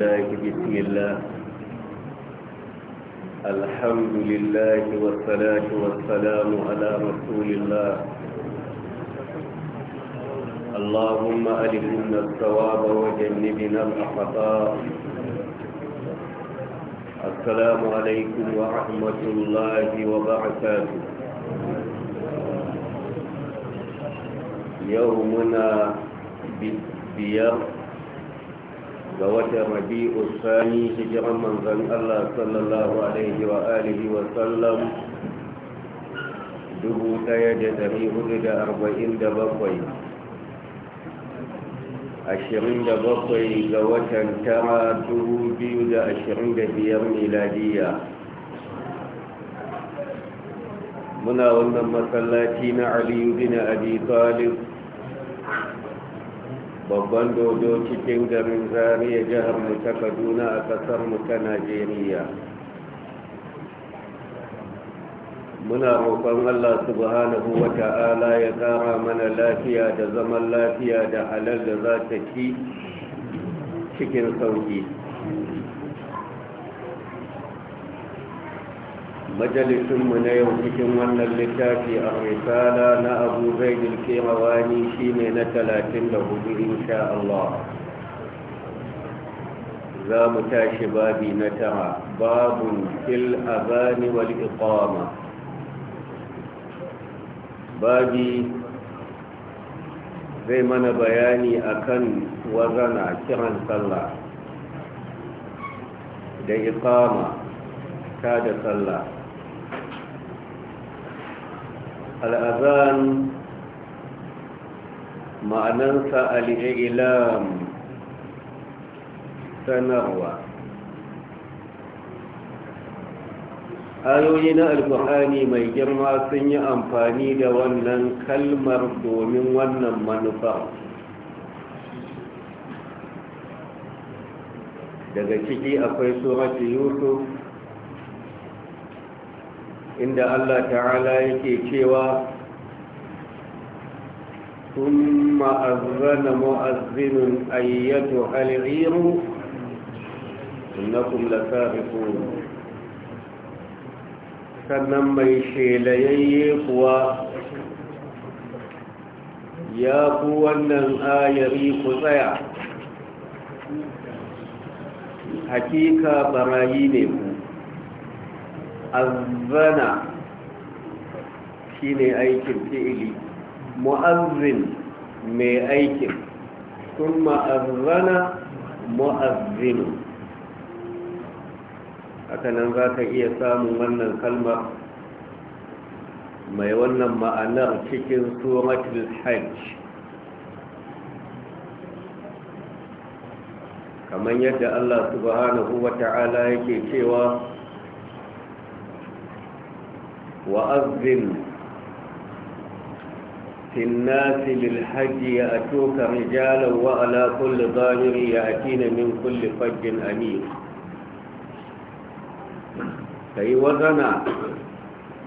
بسم الله الحمد لله والصلاة والسلام على رسول الله اللهم ألهمنا الثواب وجنبنا الأخطاء السلام عليكم ورحمة الله وبركاته يومنا بيار ga watan rabi'u sani hijiran manzan Allah sallallahu alaihi wa alihi wa sallam 1447 ashirin da bakwai ga watan tara dubu biyu da ashirin da biyar miladiya muna wannan masallaci na aliyu bin abi talib babban dodo cikin garin zariya jihar mu ta kaduna a kasar mu ta najeriya muna roƙon allah subhanahu wa ta'ala ya kara mana lafiya da zaman lafiya da halal da za ta ci cikin sauƙi majalisunmu na yau cikin wannan littafi a risala na abu zaidul shi shine na talatin da hudu insha Allah za mu tashi babi na tara babun fil azani wal iqama babi zai mana bayani akan wazana kiran sallah da iqama ta da sallah al'azan ma'anansa al'ilam sanarwa ayoyi na alkuhani mai girma sun yi amfani da wannan kalmar domin wannan manufa daga ciki akwai tsohon yusuf inda Allah ta'ala yake cewa ثم أذن مؤذن أيتها العير إنكم لسابقون sannan mai shelayayye kuwa ya ku wannan ayari ku tsaya hakika barayi ne ku azana shine aikin fi'ili mu'azzin mai aikin kuma azana mu'azzinu hakanan za ka iya samun wannan kalmar mai wannan ma'anar cikin suratul hajj kamar yadda Allah subhanahu wa ta'ala yake cewa وأذن في الناس للحج يأتوك رجالا وعلى كل ضامر يأتين من كل فج أمير كي وزنا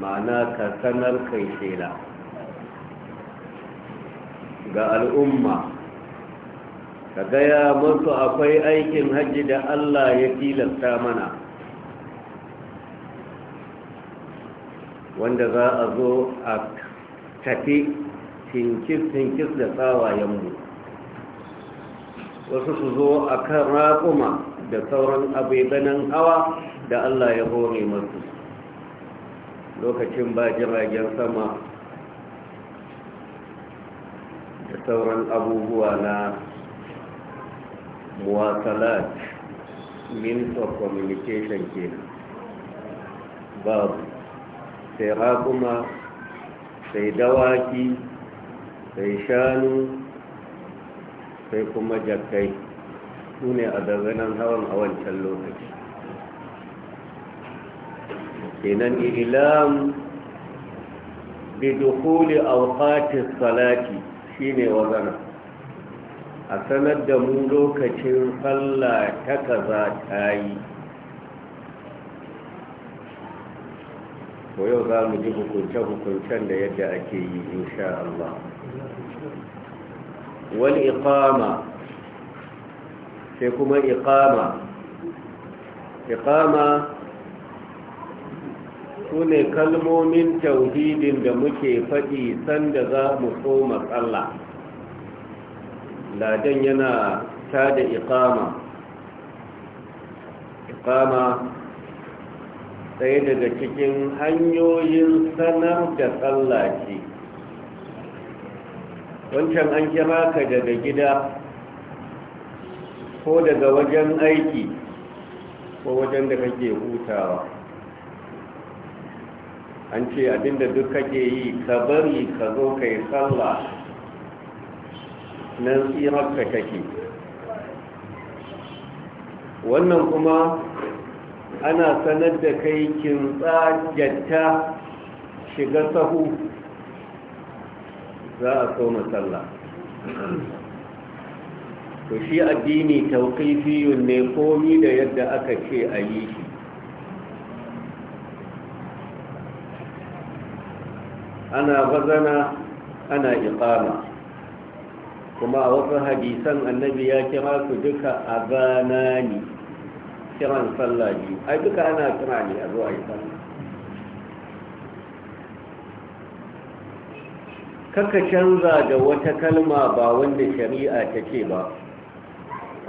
معناه كسنر كي شيلا قال الأمة ka gaya masu akwai aikin hajji da Allah ya tilasta mana wanda za a zo a tafi tinkis-tinkis da tsawayenmu wasu su zo a kan raƙuma da sauran abubanin hawa da allah ya hore masu lokacin ba jiragen sama da sauran abubuwa na muwasalat means of communication ke, babu sai raƙuma sai dawaki sai shanu sai kuma jakai su ne a daganan hawan a wancan lokaci kenan ilam bidukuli auqatis salati shine wazana a sanar da mu lokacin sallah ta kaza ta yi ko yau za mu ji hukunce-hukuncen da yadda ake yi insha Allah wani iƙama. sai kuma iƙama. Iƙama su ne kalmomin tauhidin da muke faɗi sanda za mu so tsalla ladan yana ta da Iƙama. ɗaya daga cikin hanyoyin sanar da tsallaci wancan an kira ka daga gida ko daga wajen aiki ko wajen da kake hutawa an ce abinda duk kake yi ka bari ka zo ka yi tsalla nan ka take wannan kuma ana sanar da kai kintsa gyatta shiga sahu za a so matsala to shi addini tauƙifiyun ne komi da yadda aka ce a yi shi ana bazana ana iqama kuma a wasu hadisan annabi ya kira su duka a zanani kiran sallah biyu ai duka ana kira ne a zuwa yi sallah kaka canza da wata kalma ba wanda shari'a ta ce ba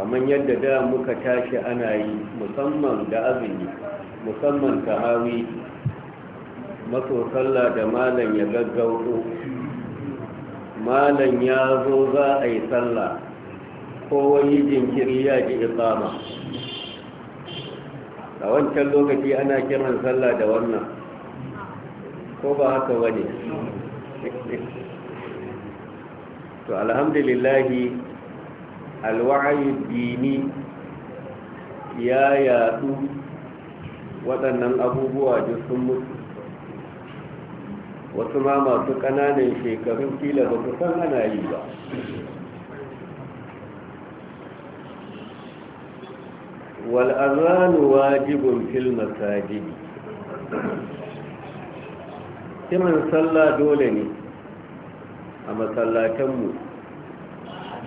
kamar yadda da muka tashi ana yi musamman da azumi musamman tahawi maso sallah da malam ya gaggauto malam ya zo za a yi sallah ko wani jinkiri ya ji iqama a wancan lokaci ana kiran sallah da wannan ko ba haka wani to alhamdulillahi alwa'ayi dini ya yadu waɗannan abubuwa da sun mutu wasu ma masu ƙananan shekarun kila ba su san ana yi ba wal azanu wajibun fil masajidi sallah dole ne a masallatanmu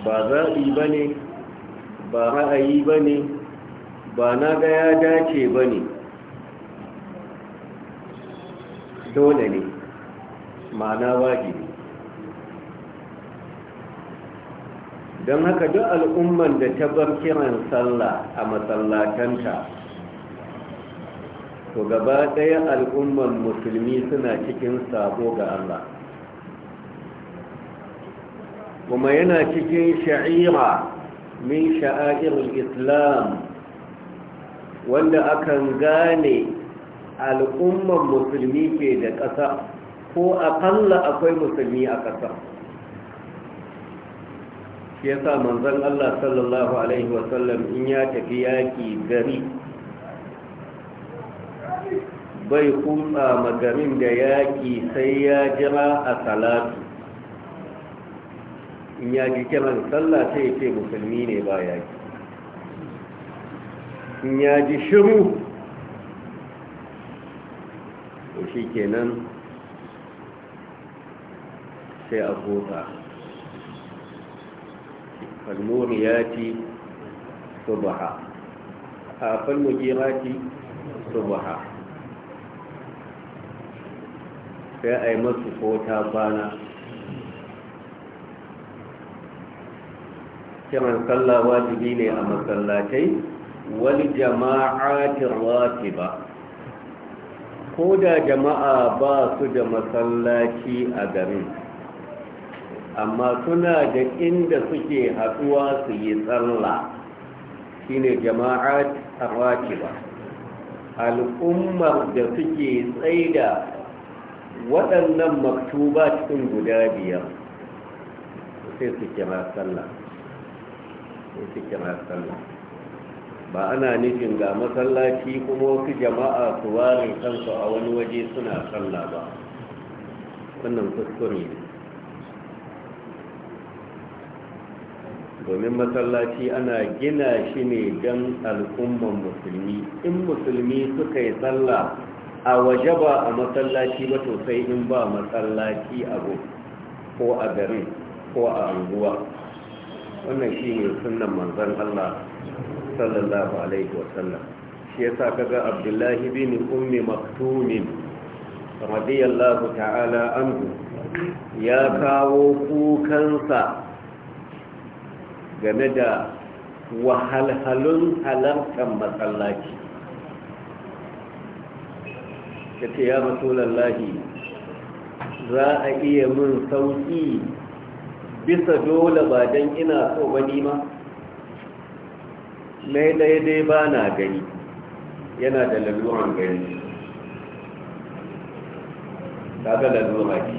ba zaɓi ba ne ba ra'ayi ba ne ba na gaya ya dace ba ne dole ne ma'ana wajibi don haka duk al'umman da ta bar kiran sallah a masallatanta, to gaba ɗaya al'umman musulmi suna cikin sabo ga Allah kuma yana cikin sha'ira min sha'a'irul islam wanda akan gane al'umman musulmi ke da ƙasa ko aƙalla akwai musulmi a ƙasa shi yasa manzon Allah sallallahu alaihi wasallam in ya tafi yaki gari bai kuma magarin da yaki sai ya jira a salatu in ya ji kiran sallah sai ya ce musulmi ne ba yaki in ya ji shiru to shi kenan sai a kotsa falmuriyati subha a falmujirati subha sai a yi masu kota bana kiran sallah wajibi ne a masallatai wani jama'atin rati ba ko da jama'a ba su da masallaci a garin amma suna da inda suke haɗuwa su yi tsalla shine jama'at ba al'ummar da suke tsaida waɗannan maktuba cikin guda biyar sai su kira sai su kira ba ana nufin ga masallaci kuma wasu jama'a su ware kansu a wani waje suna sallah ba wannan kuskure ne domin masallaci ana gina shi ne don al'umman musulmi in musulmi suka yi sallah a waje ba a masallaci ba sosai in ba masallaci abu ko a garin ko a anguwa wannan shi ne sunan manzan Allah sallallahu alaihi wasallam shi ya yasa kaga abdullahi bin ummi maktumin radiyallahu ta'ala anhu ya kawo kukansa game da wahalhalun halartar matsalaki ta ce ya matulallahi za a iya mun sauki bisa dole ba don ina so wani ma mai daidai ba na gani yana da lalluwan gani ta ga lalluwa ki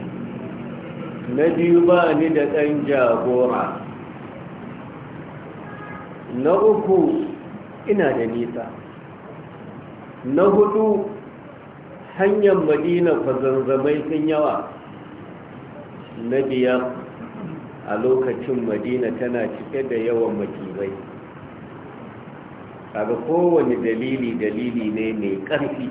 na biyu ba ni da ɗan jagora na uku ina da nisa na hudu hanyar madina fazanzamai sun yawa na biyar a lokacin madina tana cike da yawan makibai kaga kowane dalili dalili ne mai ƙarfi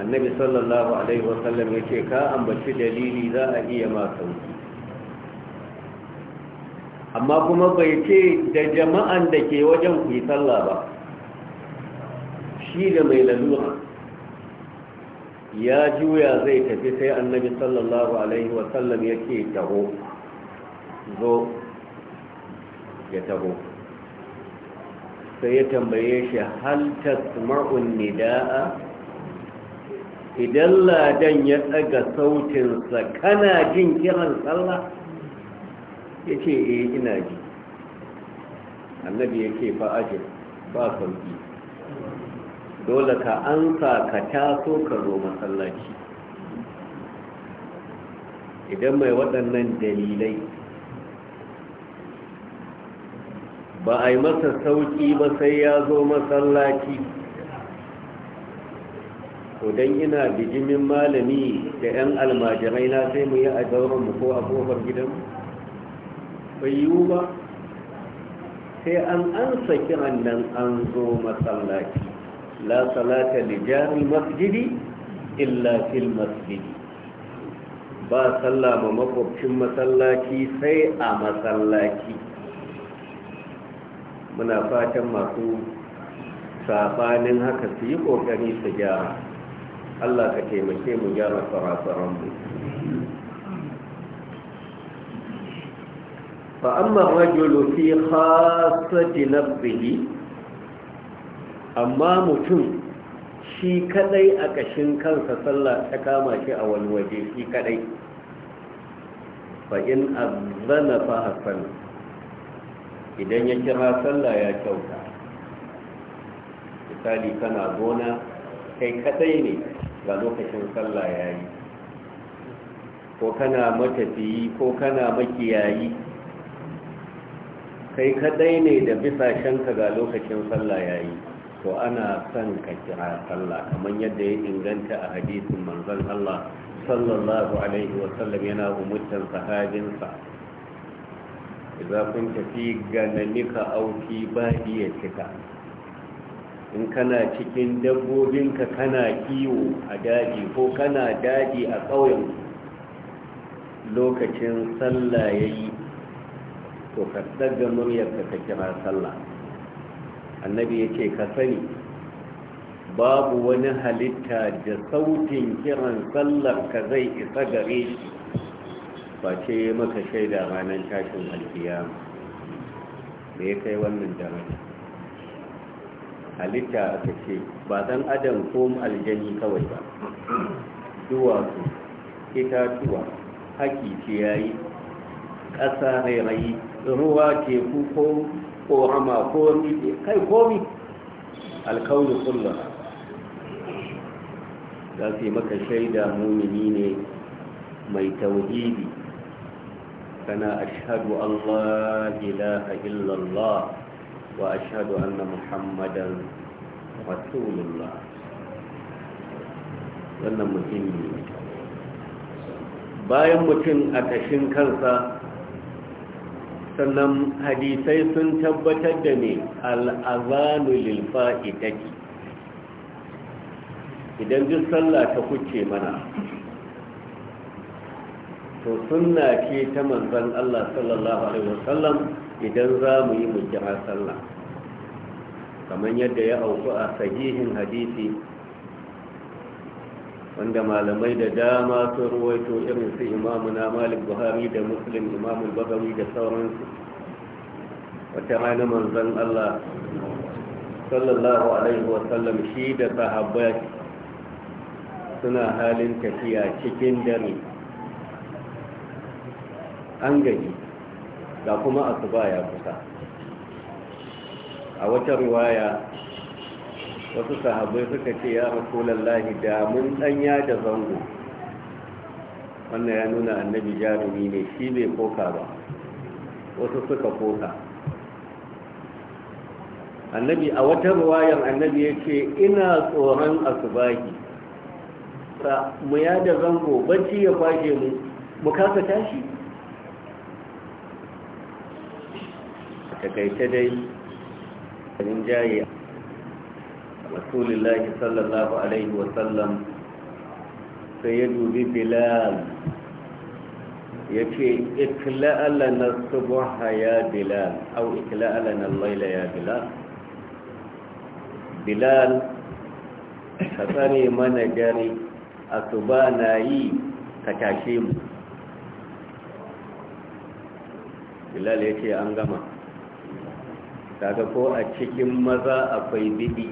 annabi sallallahu alaihi wasallam ya ce ka ambaci dalili za a iya ma sauki amma kuma bai ce da jama'an da ke wajen ku yi sallah ba shi da mai lalura ya juya zai tafi sai annabi sallallahu alaihi wasallam ya ce taho zo ya taho sai ya tambaye shi hal tasma'un nida'a idan ladan ya tsaga sautinsa kana jin kiran sallah ya ce eh ina ji annabi ya ce fa ajin ba sauki dole ka an ka taso ka zo masallaci idan mai waɗannan dalilai ba a yi masa sauƙi ba sai ya zo masallaci kodan ina bijimin malami da 'yan almajirai na sai mu yi a zauren mu ko a kofar gidanmu bai yiwu ba sai an ansa kiran nan an zo masallaci la salata li jari masjidi illa fil masjidi ba sallah ba makwabcin masallaci sai a masallaci muna fatan masu sabanin haka su yi kokari su gyara allah ka taimake mu gyara tsara mu Fa'amma الرجل في خاصة نفسه amma mutum shi kadai a kashin kansa sallah ta kama shi a wani waje shi kadai fa in azzana fa idan ya kira sallah ya kyauta misali kana gona kai kadai ne ga lokacin sallah yayi ko kana matafiyi ko kana makiyayi kai kadai ne da bisashenka ga lokacin sallah yayi to ana son ka kira sallah kamar yadda ya inganta a hadisin manzon Allah sallallahu alaihi wa sallam yana umurtan idan kun kunta fi auki ba iya cika. in kana cikin dabbobinka kana kiwo a daji ko kana daji a ƙauyen lokacin sallah yayi to ka ɗaga muryarka ka kira sallah annabi ya ce ka sani babu wani halitta da sautin kiran sallar ka zai isa gare shi ce ya maka shaida ranar tashin alkiyama da ya kai wannan daraja halitta aka ce ba dan adam ko aljani kawai ba duwatsu itatuwa haki ciyayi ƙasa rairayi ruwa ke ko ƙorama ko rike kai komi alkaunin kullum za su yi maka shaida mumini ne mai tauhidi kana ashadu Allah ilaha illallah wa ashadu anna muhammadan rasulullah wannan mutum ne bayan mutum a ƙashin kansa sannan hadisai sun tabbatar da ne al'azanu lilfa'idaki idan duk sallah ta kuce mana to suna ke ta manzan Allah sallallahu alaihi wasallam idan za mu yi mu kira sallah kamar yadda ya auku a sahihin hadisi wanda malamai da dama sun ruwaito irin su imamu na malik buhari da muslim imamu bagawi da sauransu wata rana manzan allah sallallahu alaihi wasallam shi da sahabbai suna halin tafiya cikin dare an gaji ga kuma asuba ya kusa a wata ruwaya? wasu sahabai suka ce ya rasulallahi da mun tsanya da zango wannan ya nuna annabi jarumi ne shi bai koka ba wasu suka koka annabi a wata ruwayan annabi ya ce ina tsoron asubahi mu ya da zango bacci ya kwashe mu mu kasa tashi a takaice dai rinjaye رسول الله صلى الله عليه وسلم سيدو بلال يكي اكلأ لنا الصبح يا بلال أو اكلأ لنا الليل يا بلال بلال كثني من جري أتبانا يي كتاشيم بلال يكي أنغمك kaga ko a cikin maza akwai bibi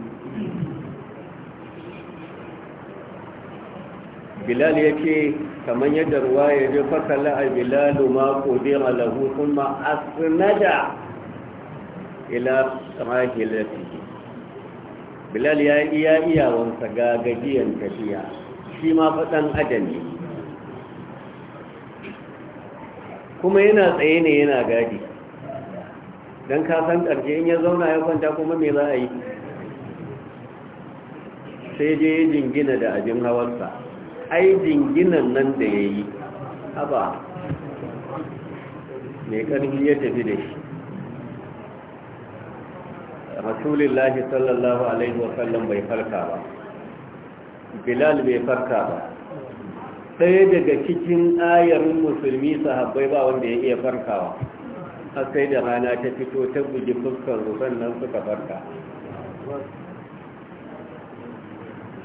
bilal ya ce kamar yadda ruwa ya je fasala a bilalu ma kodira ma kuma sinada ila rahilati bilal ya iya wansa ga gajiyar tafiya shi ma faɗan adami kuma yana tsaye ne yana gadi don kasan ƙarfi in ya zauna ya kwanta kuma mai za a yi sai dai jingina da abin hawarsa ai jinginan nan da ya yi haba mai ƙarfi ya tafi da shi rasulillahi sallallahu alaihi wasallam bai farka ba bilal bai farka ba ɗaya daga cikin ayarin musulmi sahabbai ba wanda ya iya farkawa har sai da rana ta fito ta buji fuskar rufen nan suka farka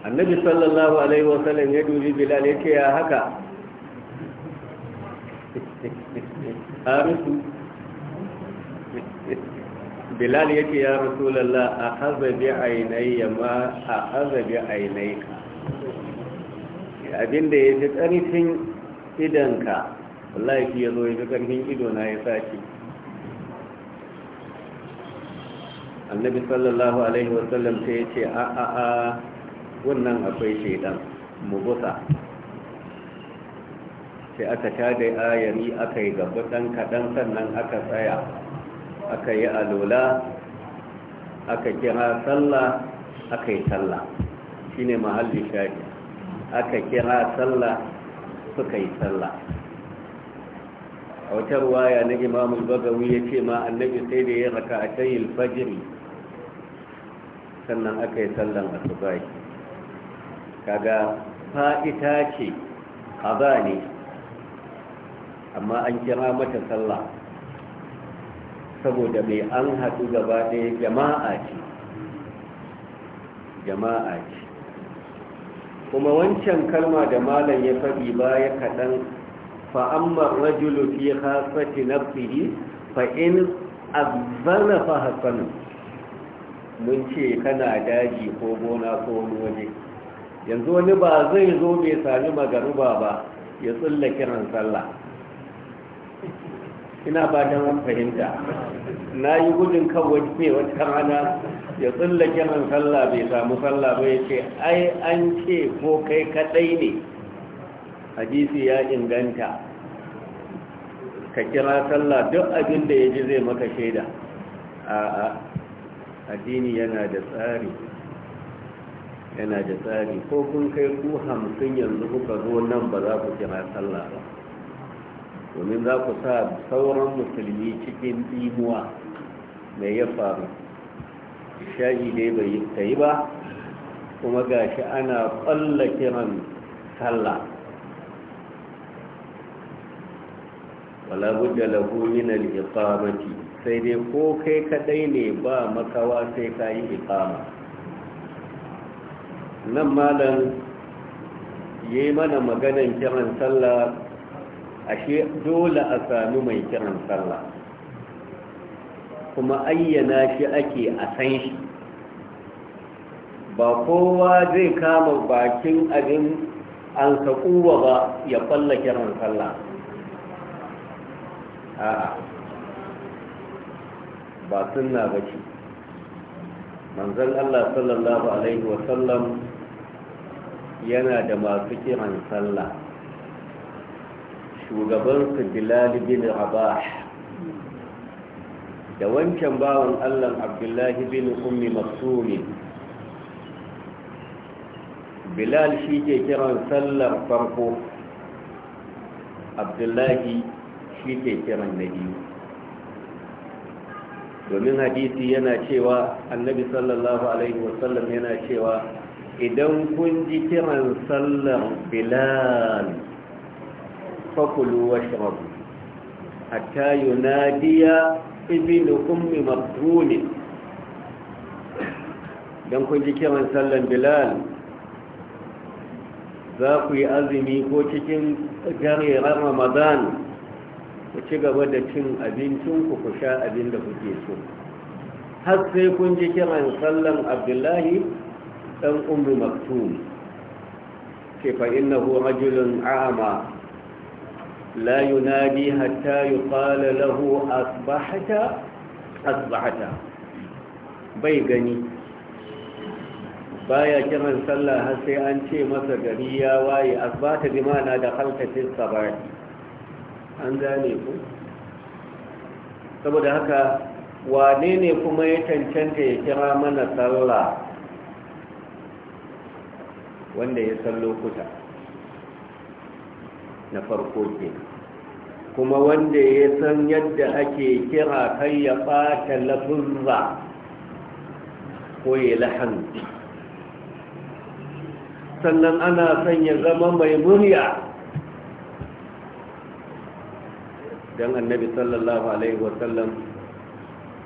annabi sallallahu alaihi wasallam ya dubi bilal ya ya haka harisu bilal ya ce ya rasulallah a hazabi ainihi ma a hazabi ainihi abinda ya fi ƙarfin idanka wallahi ya zo ya fi ƙarfin idona ya sashi annabi sallallahu alaihi wasallam ta ya ce a a a wannan akwai shaidan mugusa sai aka tada ayari aka yi gaba ɗan kaɗan sannan aka tsaya aka yi alola aka kira sallah aka yi sallah shi ne mahalli shaɗi aka kira sallah suka yi sallah a wata ruwaya na imamul bagawi ya ce ma annabi sai da ya raka a tayin fajiri sannan aka yi sallan asubahi kaga fa'ita ce haza ne amma an kira mata sallah saboda mai an haɗu gaba ɗaya jama'a ce jama'a ce kuma wancan kalma da malam ya faɗi baya kaɗan fa'ammar rajulu fi hasati nafsihi fa in azzana fa hasanu mun ce kana daji ko gona ko wani waje yanzu wani ba zai zo bai sami magaruba ba ya tsulla kiran sallah ina ba da fahimta na yi gudun kan ne wata rana ya tsulla kiran sallah bai samu sallah ba ya ce ai an ce ko kai kadai ne hadisi ya inganta ka kira sallah duk abinda ya ji zai maka shaida a addini yana da tsari yana da tsari ko kun kai ku hamsin yanzu kuka zo nan ba za ku kira sallah ba domin za ku sa sauran musulmi cikin imuwa mai ya faru shaji dai bai ta yi ba kuma gashi ana ƙwalla kiran sallah wala budda lahu min al-iqamati sai dai ko kai kadai ne ba makawa sai kayi iqama nan malam ya yi mana maganin kiran sallah ashe dole a sami mai kiran sallah kuma ayyana shi ake a san shi ba kowa zai kama bakin abin an saƙuwa ba ya falla kiran sallah a'a ba na ba ce manzan Allah sallallahu alaihi wasallam yana da masu kiran sallah shugabansu bilal bin rabah da wancan bawan allah abdullahi bin ummi maksumi bilal shi ke kiran sallar farko abdullahi shi ke kiran na biyu domin hadisi yana cewa annabi sallallahu alaihi wasallam yana cewa idan kun ji kiran sallar bilal fakulu wa shirabu hatta yunadiya ibn ummi makruni idan kun ji kiran sallar bilal za ku yi azumi ko cikin garerar ramadan ku ci gaba da cin abincin ku ku sha abin da kuke so har sai kun ji kiran sallar abdullahi ɗan umru maktum ke fa'innahu rajulun ama la yunadi hatta yi ƙala lahu asbahata bai gani baya kiran sallah har sai an ce masa gari ya waye asbata bi mana da halkatin sabari an gane ku saboda haka wane ne kuma ya cancanta ya kira mana sallah wanda ya san lokuta na farko ke kuma wanda ya san yadda ake kira kan ya ɓata lafuzza ko ya lahan sannan ana son ya zama mai murya don annabi sallallahu alaihi wasallam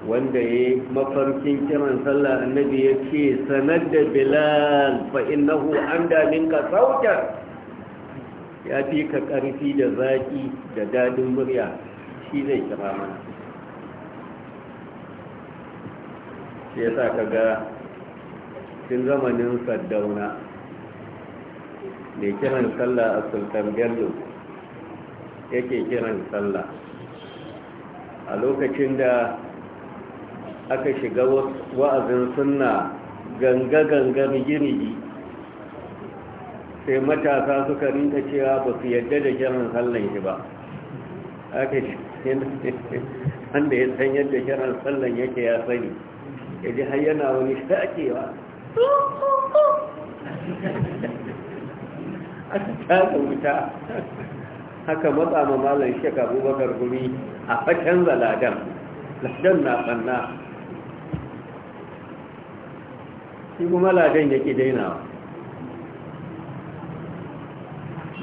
wanda ya mafarkin kiran sallah annabi ya ce sanar da bilal fa innahu an daminka saukar, ya fi ka ƙarfi da zaƙi da daɗin murya shi zai kira mana shi ya sa ka ga tun zamanin saddauna mai kiran sallah a sultan bello yake kiran sallah a lokacin da aka shiga wa'azin sunna ganga-ganga rigirigi sai matasa suka rinka cewa ba su yadda da kiran sallan shi ba aka shi wanda ya san yadda kiran sallan yake ya sani ya ji har yana wani shaƙewa aka wuta haka matsa ma malar shek abubakar guri a fashen zaladan ladan na ɓanna shi kuma ladan yake dainawa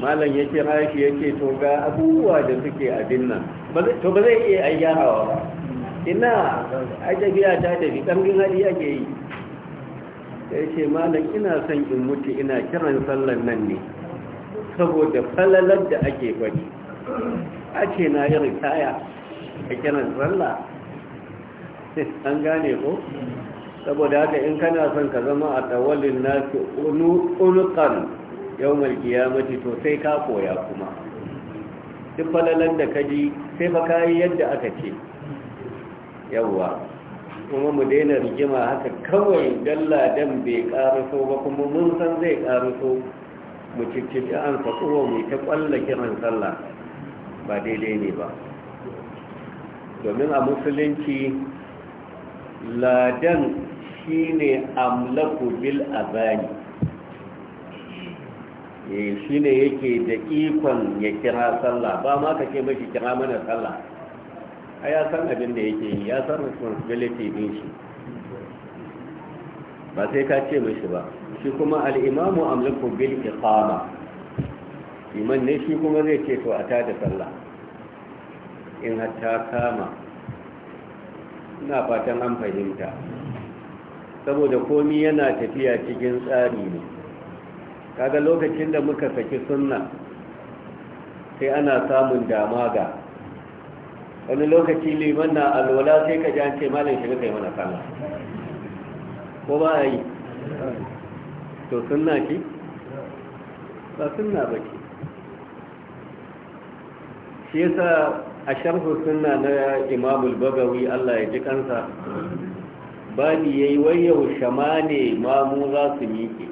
malam ya yake ya yake to ga abubuwa da suke abin nan to ba zai iya ayyarawa ba ina Ajabiya ta tafi ƙarfin hali ke yi Ya ce malam ina son in mutu ina kiran sallan nan ne saboda falalar da ake gwaji. a ce na yi ritaya a kiran sallah an gane ko saboda haka in kana son ka zama a tawallin nasu unukan yau malkiyamati to sai ka koya kuma duk falalan da ka ji sai ba ka yi yadda aka ce yawwa kuma mu daina rigima haka kawai dalla dan bai karaso ba kuma mun san zai karaso mu cikin an faɗuwa mu ta ƙwalla kiran sallah ba daidai ne ba domin a musulunci ladan shine amlaku bil abani eh, shi ne yake da ikon ya kira sallah ba ma ka ce mashi kira mana sallah a ya san abin da yake yi ya san responsibility din shi ba sai ka ce mashi ba shi kuma al'imamu amlaku bil iqama iman ne shi kuma zai ce to a ta da sallah in hatta kama ina fatan an fahimta saboda komi yana tafiya cikin tsari ne kaga lokacin da muka saki sunna sai ana samun damaga wani lokaci liman na alwala sai ka jan ce malin shi kai mana sama ko ba a yi to sunna ki ba sunna ba ki shi yasa a sharhu sunna na imamul bagawi Allah ya ji kansa bani ya yi yau shama ne mamu za su miƙe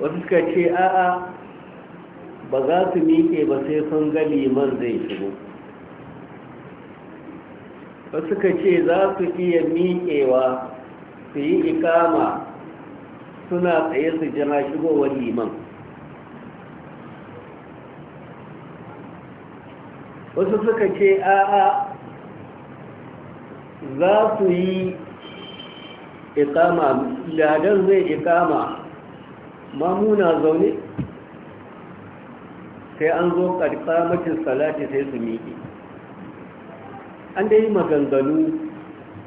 wasu suka ce a'a ba za su miƙe ba sai sun ga liman zai shigo wasu suka ce za su iya miƙewa su yi ikama suna tsaye su jira shigowar liman wasu suka ce a'a za su yi ikama ladan zai ikama mamuna zaune sai an zo mace salati sai su miƙe an dai maganganu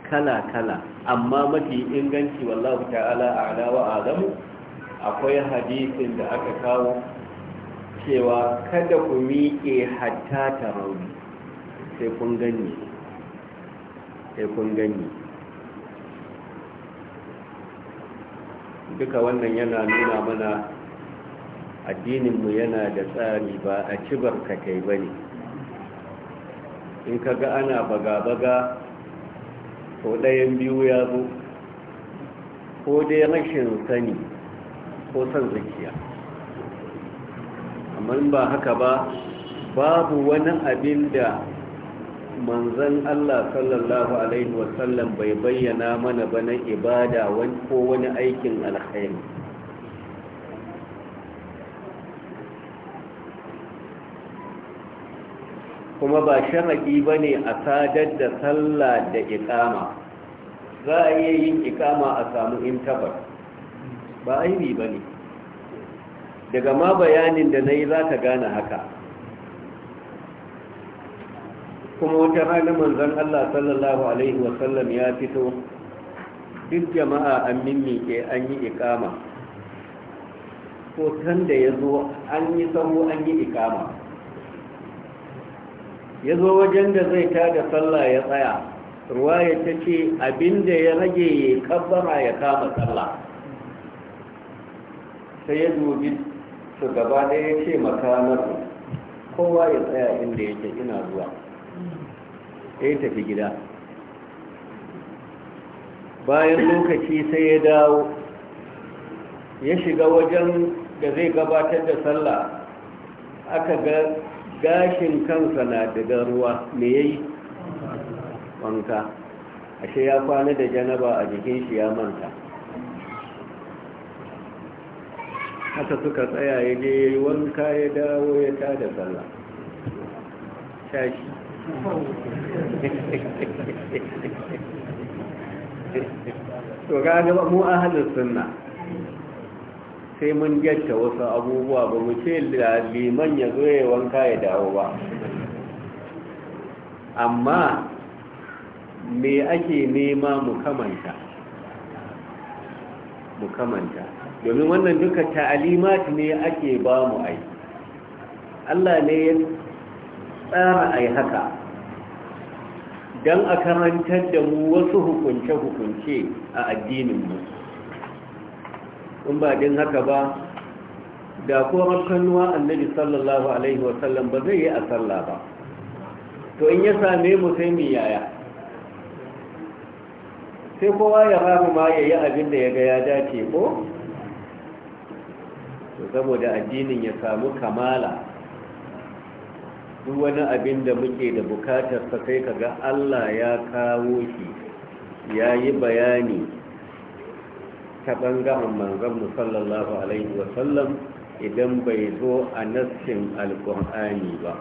kala-kala amma mafi inganci wallahu ta'ala a alawa adamu akwai hadisin da aka kawo cewa kada ku miƙe hatta ta rauni sai kun gani sai kun gani duka wannan yana nuna mana addininmu yana da tsari ba a ci barkatai ba ne in ka ga ana baga-baga ko ɗayan biyu ya zo ko dai rashin sani ko son zakiya amma ba haka ba babu wani abin da manzan Allah sallallahu Alaihi wasallam bai bayyana mana ba na ibada ko wani aikin alkhairi kuma ba sharaɗi ba ne a sadar da sallah da ikama za a iya yin ikama a samu intabar ba aibi ba ne daga ma bayanin da na yi za ka gane haka kuma wata rana manzan Allah sallallahu Alaihi wasallam ya fito duk jama'a an ke an yi ikama ko kan da ya zo an yi sahu an yi ikama ya zo wajen da zai ta da sallah ya tsaya ruwa ya ta ce abinda ya rage ya kabbara ya kama sallah sai ya dubi su gaba ɗaya ya ce makamatu kowa ya tsaya inda yake ina zuwa ya tafi gida bayan lokaci sai ya dawo ya shiga wajen da zai gabatar da sallah aka ga gashin kansa na daga ruwa me yayi wanka ashe ya kwana da janaba a jikin shi ya manta haka suka tsaya ya je ya yi wanka ya dawo ya ta da sallah shashi to kaga mu ahalin sunna sai mun gyatta wasu abubuwa ba mu ce liman ya zo ya wanka ya dawo ba amma me ake nema mu kamanta mu kamanta domin wannan duka ta'alimat ne ake ba mu ai Allah ne ya tsara ai haka don a karantar da mu wasu hukunce-hukunce a addininmu in ba din haka ba da kuma kanuwa annabi sallallahu alaihi wasallam ba zai yi a sallah ba to in ya same mu sai mu yaya sai kowa ya ramu ma ya yi abin da ya ga ya dace ko to saboda addinin ya samu kamala duk wani abin da muke da bukatar sa sai kaga Allah ya kawo shi ya yi bayani ta ɓangaren mu sallallahu alaihi wasallam idan bai zo a nassin alƙur'ani ba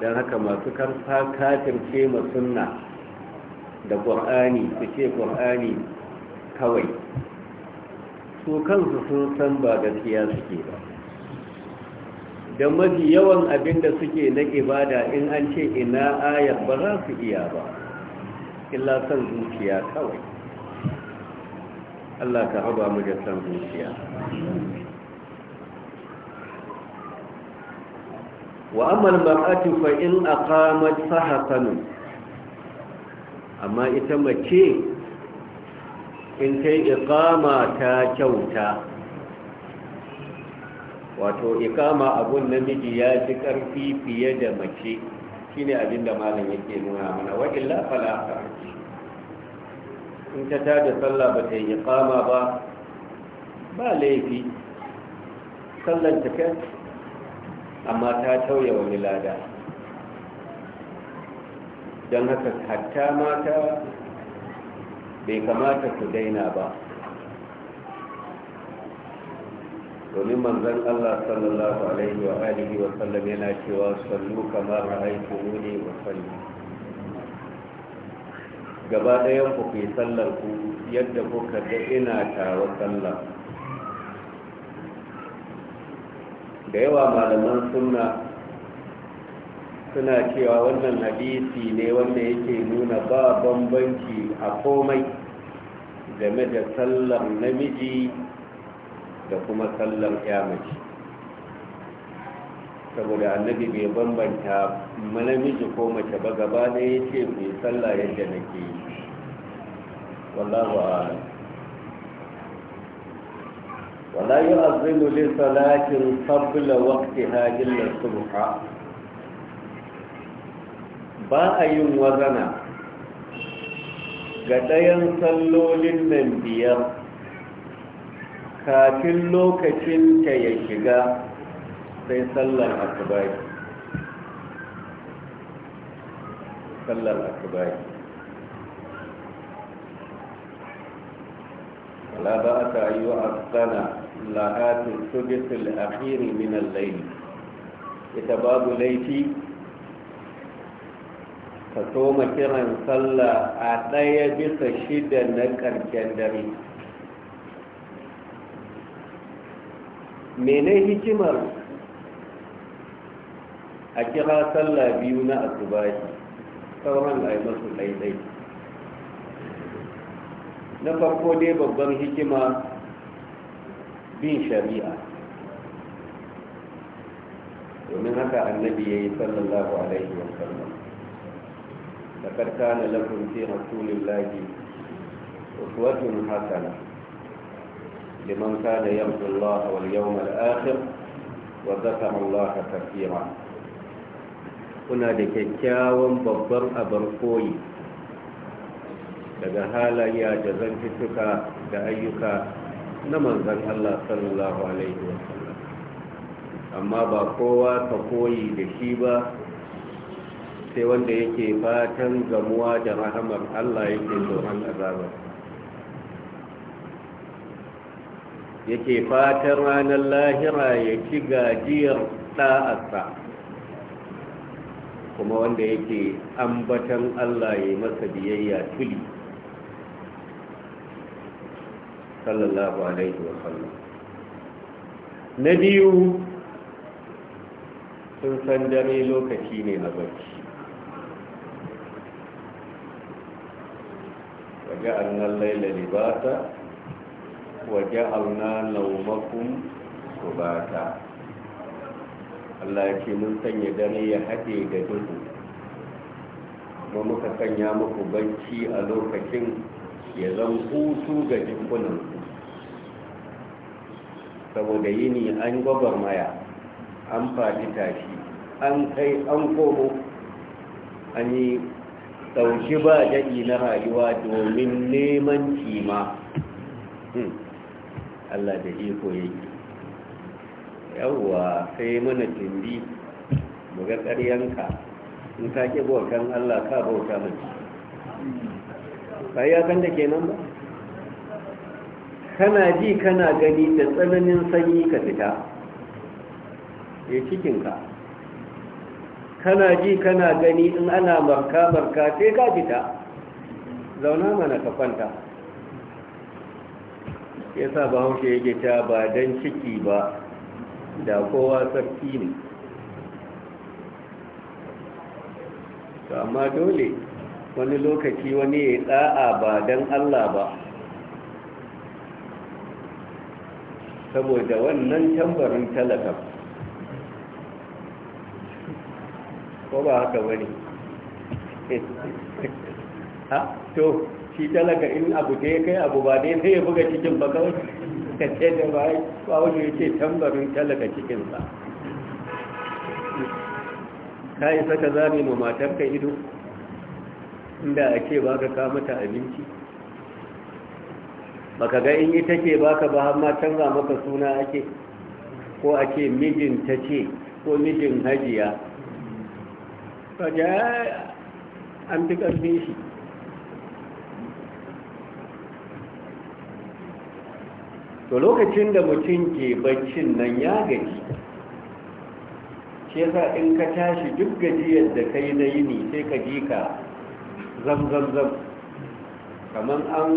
don haka masu karfa kafirce masunna da ƙur'ani su ce ƙur'ani kawai su kansu sun san ba gaskiya suke ba don mafi yawan abin da suke na ibada in an ce ina ayar ba za su iya ba illa san zuciya kawai Allah ka haba mu da san zuciya wa amal mar'atu fa in aqamat fa hasanun amma ita mace in kai ikama ta kyauta wato ikama abun namiji ya ji karfi fiye da mace shine abin da malam yake nuna mana wa illa fala in ta da sallah ba ta yi ikama ba ba laifi sallan ta kai amma ta tauye wani lada don haka hatta mata bai kamata ku daina ba domin manzan Allah sallallahu alaihi wa alihi wa sallam yana cewa sallu kamar ra'aytu muni wa sallu gaba ɗayan ku fi sallar ku yadda kuka ga ina tawa sallar. da yawa malaman sunna suna cewa wannan hadisi ne wanda yake nuna ba bambanci a komai game da sallar namiji da kuma sallar yamaci saboda annabi bai bambanta namiji ko mace ba gaba da ya ce mai sallar yadda nake yi wallahu a wala yi azinu li salatin qabla waqtiha illa subha ba a yin wazana ga ɗayan sallolin nan biyar kafin lokacin ta ya shiga sai sallar akabari sallar akabari wala ba a ta yi wa asana lahatun sudisul akhiri min minan layl ita babu laifi ka soma kiran sallah a ɗaya bisa shida na ƙarshen dare mene hikimar a kira sallah biyu na asubahi sauran a yi ɗaiɗai na farko dai babban hikima bin shari'a domin haka annabi ya yi sallallahu alaihi wasallam لقد كان لكم في رسول الله أسوة حسنة لمن كان يرجو الله واليوم الآخر وذكر الله كثيرا kuna da kyakkyawan babban abar koyi daga halayya da zantuka da ayyuka na manzan Allah sallallahu Alaihi wasallam amma ba kowa ka koyi da shi ba sai wanda yake fatan gamuwa da rahamar Allah yake tsoron azabar yake fatan ranar lahira ya ci gajiyar ɗa'asa, kuma wanda yake ambatan Allah ya masa biyayya tuli sallallahu alaihi wa na biyu sun san dare lokaci ne na barci وجعلنا الليل لباتا وجعلنا نومكم سباتا Allah ce mun sanya dare ya haɗe da duhu kuma muka sanya muku banki a lokacin ya zan hutu ga jikunanku saboda yini an maya, an faɗi tashi an kai an an yi ɗauki ba daɗi na rayuwa domin neman kima hmm. Allah da iko yake yawwa sai mana tumbi buga ƙaryanka in ta ƙi bautan Allah ka bauta mace bayan kan da ke nan ba kana ji kana gani da tsananin sanyi ka fita ya eh, cikinka kana ji kana gani in ana marka-marka sai ka fita zauna mana ka kwanta ya sa ba hauke ya ta ba don ciki ba da kowa sarki ne amma dole wani lokaci wani ya tsa'a ba don allah ba saboda wannan tambarin talakar ko ba haka bane ha to shi talaka in abu da ya kai abu ba ne sai ya buga cikin ba kawai ka ce da bai ba wani ya ce tambarin talaka cikin sa ka isa ka zame ma matarka ido inda a ce ba ka kamata abinci baka ga in ita ke baka ba amma canza maka suna ake ko a ce mijin ta ce ko mijin hajiya raja an fi shi to lokacin da mutum ke baccin nan ya gaji shi yasa in ka tashi duk gajiyar da kai na yini sai ka ji ka zamzamzam kamar an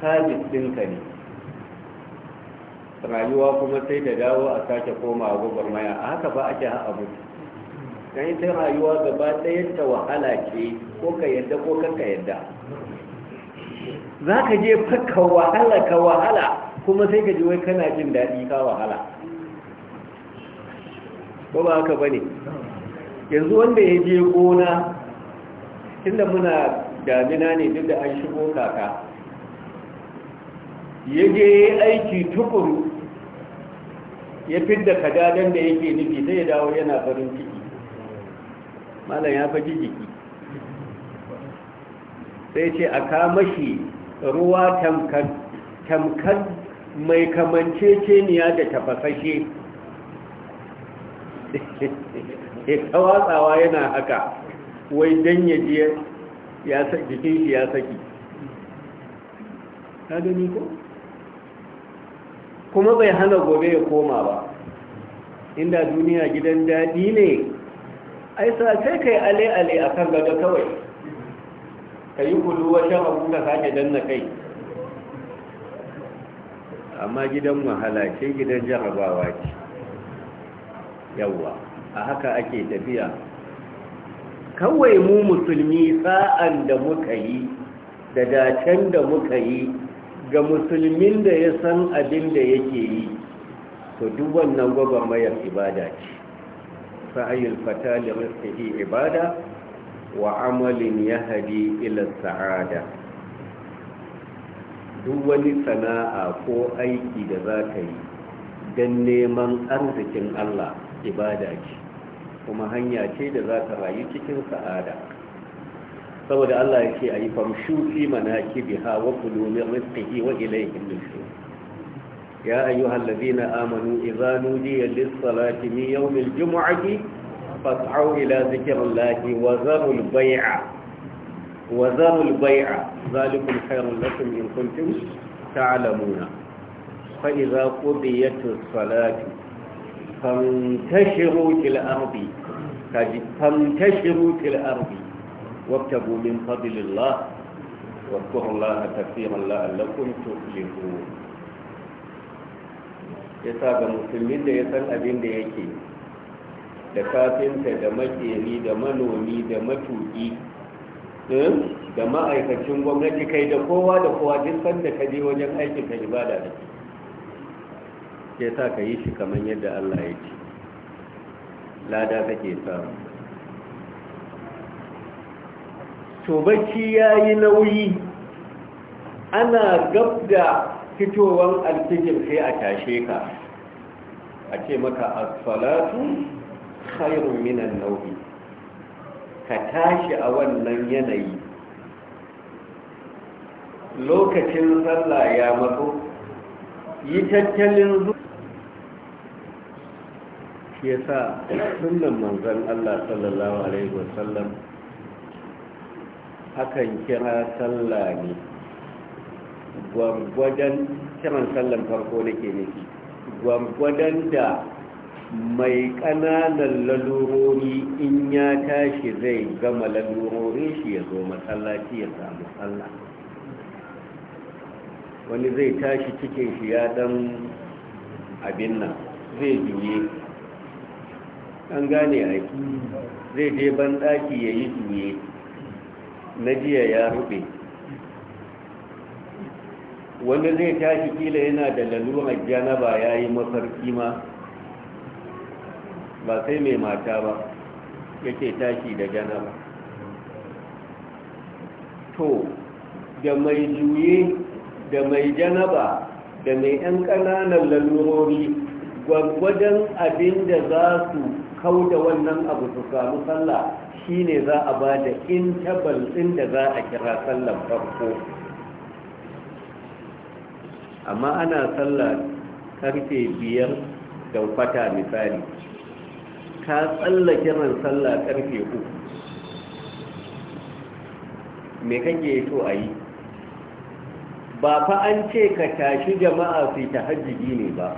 sabis ɗinka ne rayuwa kuma sai da dawo a sake koma a gwagwarmaya a haka ba ake ha'a mutu ka ta rayuwa gaba ɗayan ta wahala ce ko ka yadda ko kanka yadda za ka je fakka wahala ka wahala kuma sai ka ji wai kana jin daɗi ka wahala ko ba haka ba ne yanzu wanda ya je gona da muna damina ne duk da an shigo kaka ya je aiki tukuru ya fi kada kadadan da yake nufi sai ya dawo yana farin ciki malam ya faji jiki sai ce a kamashi ruwa tamkan mai kamanceceniya da tafasashe ya kawatsawa yana haka wai don ya je jikin shi ya saki ta gani ko? kuma bai hana gobe ya koma ba inda duniya gidan daɗi ne ai sa sai kai ale ale akan gado kawai ka yi kudu wajen abu ka sake danna kai amma gidan wahala ce gidan jarabawa ce yawa a haka ake tafiya kawai mu musulmi sa'an da muka yi da dacen da muka yi ga musulmin da ya san abin da yake yi to duk wannan gwagwarmayar ibada ce سعي الفتى ibada عبادة وعمل يهدي إلى السعادة duk wani sana'a ko aiki da za ka yi don neman arzikin Allah ibada ce kuma hanya ce da za ka rayu cikin sa'ada saboda Allah ya ce a yi famshu fi manaki biha wa kulumin rizqihi wa ilayhi nushur يا أيها الذين آمنوا إذا نودي للصلاة من يوم الجمعة فاسعوا إلى ذكر الله وذروا البيع وذروا البيع ذلكم خير لكم إن كنتم تعلمون فإذا قضيت الصلاة فانتشروا في الأرض فانتشروا في الأرض وابتغوا من فضل الله واذكروا الله كثيرا لعلكم تفلحون yasa ga musulmin da ya san abin da yake da kafinta da makeri da manomi da matuki eh, da ma'aikacin gwamnati kai da kowa da kowa duk sanda ka je wajen aikin ka ibada da ke sa ka yi shi kamar yadda Allah ya ce lada kake samu to bacci yayi nauyi ana gabda fitowar alfijir sai a tashe ka a ce maka asfalatu khairun minan nau'i ka tashi a wannan yanayi lokacin sallah ya mako yi tattalin zuwa ya sa sunan manzan Allah sallallahu Alaihi wasallam hakan kira sallah ne gwargwadon kiran sallan farko ke nufi gwargwadon da mai ƙananan lalurori in ya tashi zai gama lalurorin shi ya zo masallaci ya samu sallah wani zai tashi cikin shi ya dan abin nan zai juye an gane aiki zai je ban ɗaki ya yi juye na jiya ya rube wanda zai tashi kila yana da lalurar janaba ya yi mafarki ma ba sai mai mata ba yake tashi da janaba to da mai juye da mai janaba da mai 'yan kananan lalurori gwaggwajen abin da za su kau da wannan abu su samu sallah shine za a ba da intabal ɗin da za a kira sallar farko amma ana sallah karfe biyar da fata misali ka tsallake ran sallah karfe uku me kake so a yi ba fa an ce ka tashi jama'a su ta hajji ne ba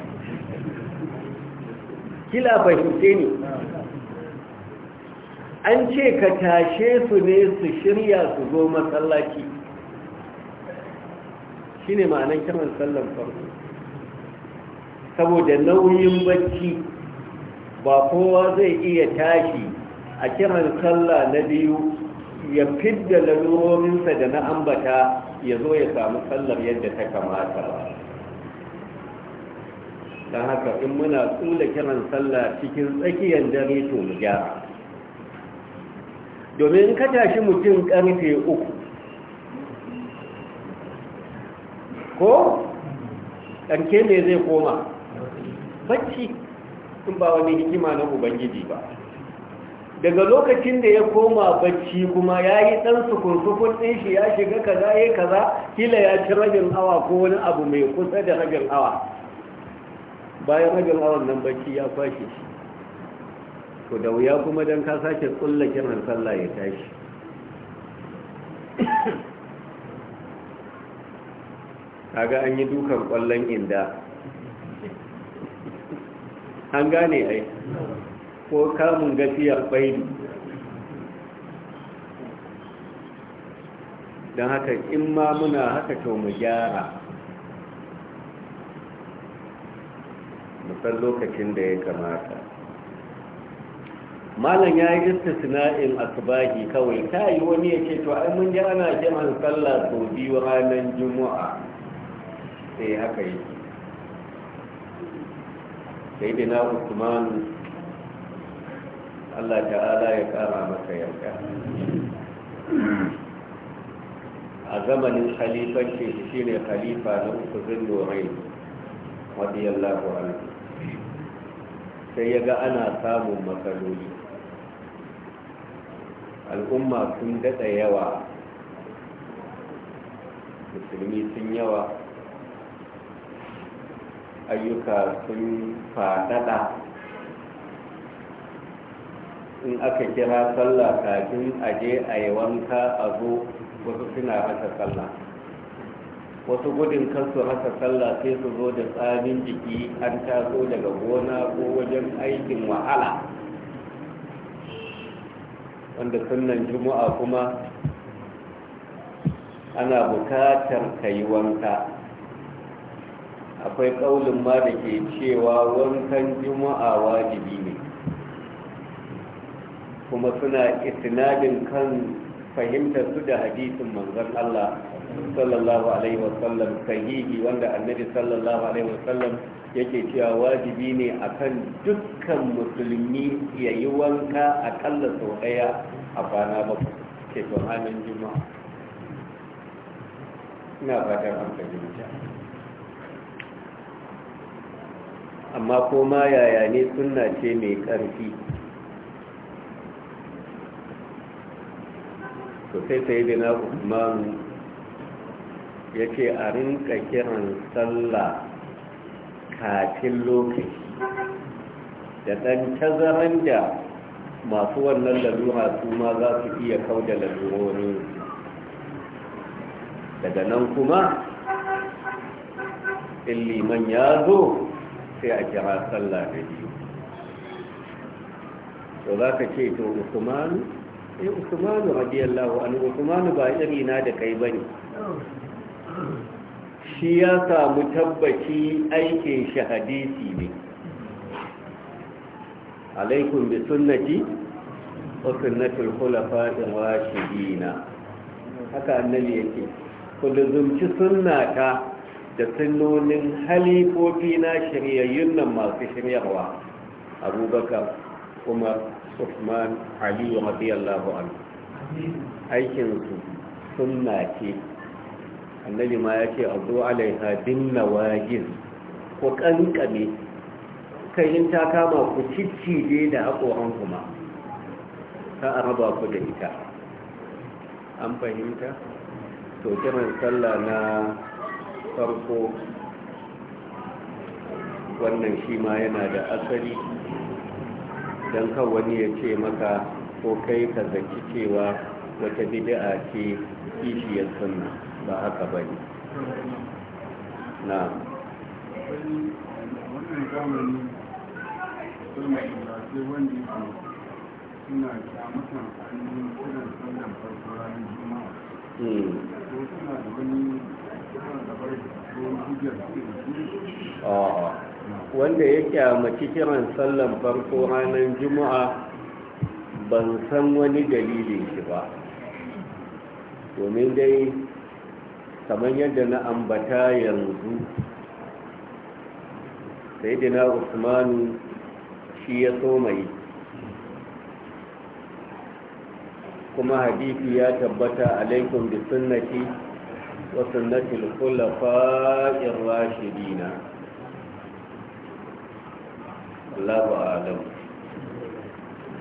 kila fahimce ne an ce ka tashe su ne su shirya su zo masallaci ne ma'anar kiran sallan farko saboda nauyin bacci ba kowa zai iya tashi a kiran salla na biyu ya fidda lalurorinsa da na ambata ya zo ya samu sallar yadda ta kamata ba don haka in muna tsula kiran salla cikin tsakiyar dare to mu gyara domin ka tashi mutum karfe uku ko ɗanke ne zai koma bacci in ba wani hikima na ubangiji ba daga lokacin da ya koma bacci kuma ya yi ɗan sukunsukun ɗin shi ya shiga kaza ya kaza kila ya ci rabin awa ko wani abu mai kusa da rabin awa bayan rabin awan nan bacci ya kwashe shi to da wuya kuma don ka sake tsulla kiran sallah ya tashi kaga an yi dukan kwallon inda an gane ai ko kamun gafiyar baini don haka in ma muna haka to mu gyara musar lokacin da ya kamata malam ya yi istisna'in asbahi kawai ta yi wani ya ce to ai mun ji ana kiran sallah sau biyu ranar juma'a sai haka yi sai na usman allah ta'ala ya kara maka yarda a zamanin ce shi ne khalifa na uku zindorai radiyallahu anhu sai ya ga ana samun matsaloli al'umma sun daɗa yawa musulmi sun yawa ayyuka sun faɗaɗa in aka kira sallah kafin a je a yi wanka a zo wasu suna rasa sallah wasu gudun kansu rasa sallah sai su zo da tsamin jiki an taso daga gona ko wajen aikin wahala wanda sunan juma'a kuma ana bukatar ka yi wanka akwai ƙaunin ma da ke cewa wankan juma'a wajibi ne kuma suna itinadin kan fahimtar su da hadisin manzan Allah sallallahu alaihi wasallam sahihi wanda annabi sallallahu alaihi wasallam yake cewa wajibi ne akan dukkan musulmi ya yi wanka akalla sau daya a kwana ba ke tuhanin juma'a na fatan amfani fahimta amma koma yaya ne sunna ce mai ƙarfi sosai sai sai ya ce a rinka kiran sallah kafin lokaci da ɗan tazaran da masu wannan lalura su ma za su iya kau da lalurorin daga nan kuma in liman ya zo sai a kira sallah da biyu to za ka ce to usmanu eh usmanu radiyallahu anhu usmanu ba iri na da kai bane shi ya samu tabbaci aikin shi hadisi ne alaikum bi sunnati wa sunnatul khulafa'ir rashidin haka annabi yake kullu zumci sunnata da sunnonin halifofi na shiryayyun nan masu shiryarwa abubakar umar usman aliyu radiyallahu aikin aikinsu sunna ce annabi ma ya ce zo alaiha bin wajin ku kankame kai in ta kama ku ciccije da haƙoran kuma ta a raba ku da ita an fahimta to kiran sallah na farko wannan shi ma yana da asali don kan wani ya ce maka ko kai ka zaki cewa wata bid'a ce kishiyar sunna ba haka ba ne na hmm. suna da wani wanda ya kyamaci kiran sallan farko ranar juma'a ban san wani dalilin shi ba domin dai kamar yadda na ambata yanzu sai dina usmanu shi ya so mai kuma hadisi ya tabbata alaikun bi sunnati وسنة الخلفاء الراشدين الله أعلم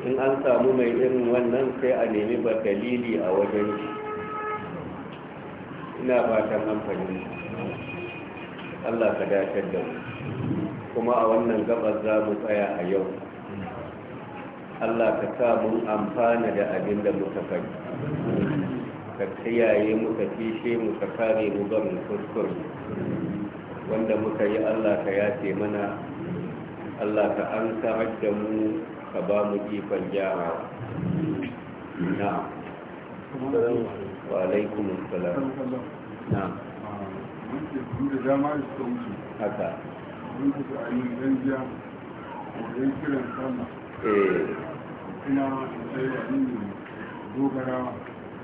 in an samu mai irin wannan sai a nemi ba dalili a wajen shi ina fatan amfani Allah ka da mu kuma a wannan gabar za mu tsaya a yau Allah ka sa mun amfana da abinda da muka kai ka kiyaye mu ka fishe mu ka kare mu ga mu kuskur wanda muka yi Allah ka yace mana Allah ka an da mu ka ba mu ikon gyara na wa alaikum salam. na da dama da ta wuce haka mun eh. kusa a yi ganjiya wajen kiran sama kuma sai da dogarawa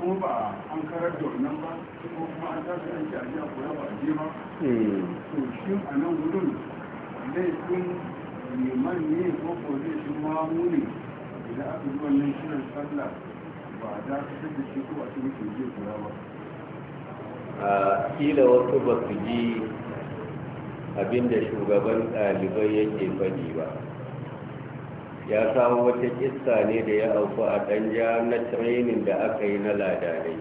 Kuma ba an karar da wannan ba ko kuma an tafi an ce a ji a koya ba a je ba hmm. to shi a nan wurin laifin neman ne ko ko shi mamu ne idan aka yi wannan shirin sallah ba a su da shi ko a cikin mutum je koya ba a kila wasu ba su ji abinda shugaban ɗalibai yake faɗi ba ya kawo wata kissa ne da ya auku a danja na training da aka yi na ladarai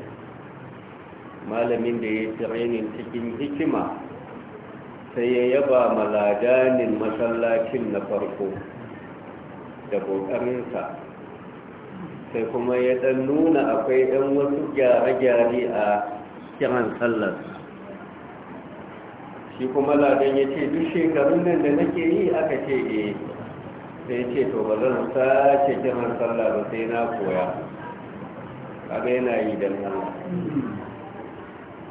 malamin da ya yi training cikin hikima sai ya yaba ma ladanin masallacin na farko da ƙoƙarinsa. sai kuma ya dan nuna akwai dan wasu gyare-gyare a kiran sallar. shi kuma ladan ya ce duk shekarun nan da nake yi aka ce eh sai ce to ba zan sace kiran sallah ba sai na koya kaga yana yi da nan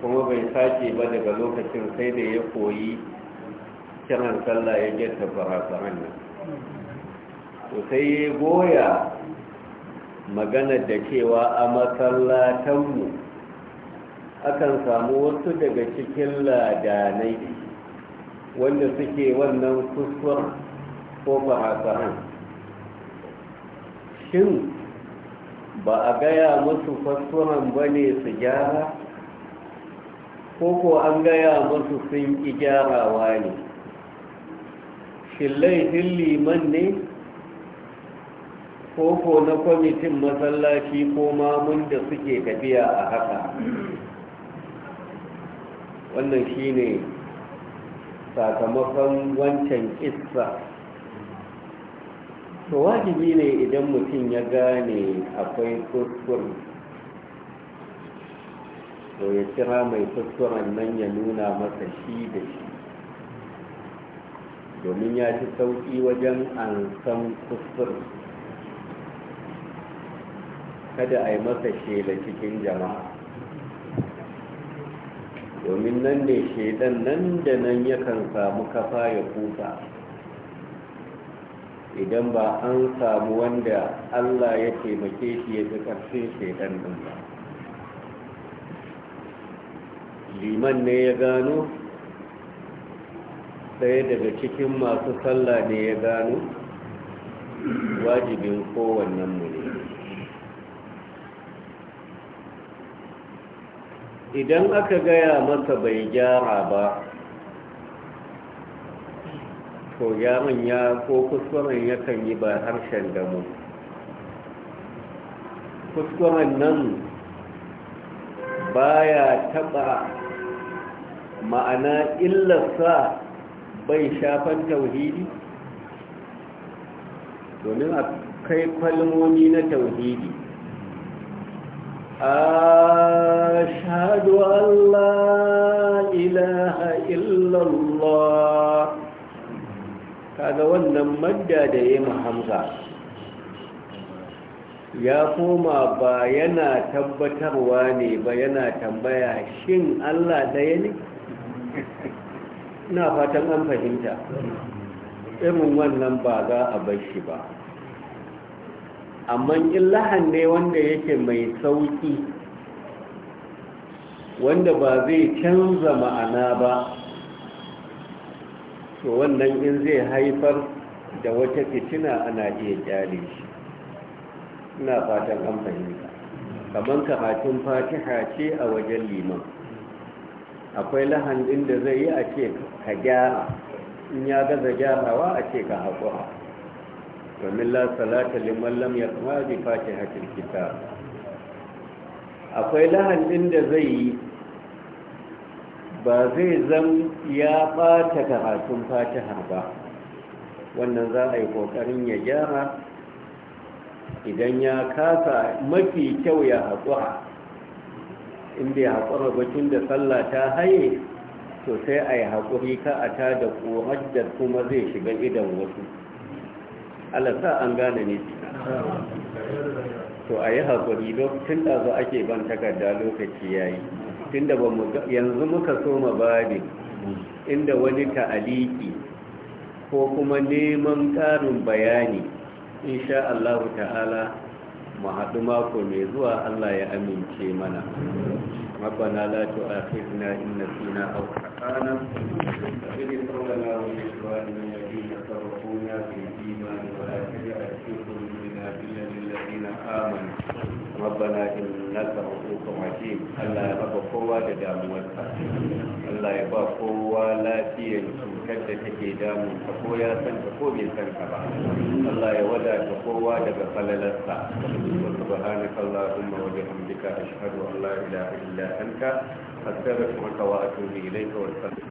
kuma bai sace ba daga lokacin sai da ya koyi kiran sallah ya getta farasaran nan to sai ya goya maganar da cewa a masallatanmu akan samu wasu daga cikin ladanai wanda suke wannan kuskuren ko fahasaran shin ba a gaya musu fassuran ba ne su gyara ko ko an gaya musu sun ƙi gyarawa ne shin laifin liman ne ko ko na kwamitin masallaci ko mamun da suke tafiya a haka wannan shine sakamakon wancan kissa to wajibi ne idan mutum ya gane akwai kuskure to ya kira mai kuskuren nan ya nuna masa shi da shi domin ya ci sauƙi wajen an san kuskure kada a yi masa shela cikin jama'a domin nan ne shedan nan da nan yakan samu kafa ya kusa idan ba an samu wanda Allah ya taimake shi ya fi ƙarfin shaidan ɗin ba liman ne ya gano ɗaya daga cikin masu sallah ne ya gano wajibin kowannen mu ne idan aka gaya masa bai gyara ba ko ya ko kuskuren yakan yi ba harshen damu kuskuren nan baya taba ma'ana sa bai shafan tauhidi domin a kai kalmomi na tauhidi A an Allah, ilaha illallah kaga wannan madda da ya hamza ya koma ba yana tabbatarwa ne ba yana tambaya shin allah daya ne na fatan an fahimta irin wannan ba za a bar shi ba amma illahan ne wanda yake mai sauki wanda ba zai canza ma'ana ba to wannan in zai haifar da wata fitina ana iya kyale shi ina fatan an fahimta kamar karatun fatiha ce a wajen liman akwai lahan da zai yi a ce ka gyara in ya gaza gyarawa a ce ka haƙura domin la salata liman lam ya kuma bi fatiha kirkita akwai lahan da zai yi ba zai zan ya ɓata karatun fatiha ba wannan za a yi ƙoƙarin ya gyara idan ya kasa mafi kyau ya haƙura Inda ya haƙura bakin da sallah ta haye to sai a yi haƙuri ka a ta da ƙorar da kuma zai shiga idan wasu alasa an gane ne to a yi haƙuri lokacin da zo ake ban takarda lokaci ya yi tunda ba mu yanzu muka soma babin inda wani ta'aliki ko kuma neman karin bayani insha Allah ta'ala mu haɗu mako mai zuwa Allah ya amince mana ربنا لا تؤاخذنا إن نسينا أو أخطأنا فإن قولنا وإخواننا الذين سبقونا في الإيمان ولا تجعل في قلوبنا إلا للذين آمنوا ربنا إنا nasa hukukum hakim Allah ya raba kowa da damuwarsa Allah ya ba kowa lafiyar cutar da take damu ta ko ya san ta ko bai san ka ba Allah ya wadata kowa daga falalarsa wa subhanaka allahumma wa bihamdika ashhadu an la ilaha illa anta astaghfiruka wa atubu ilayka wa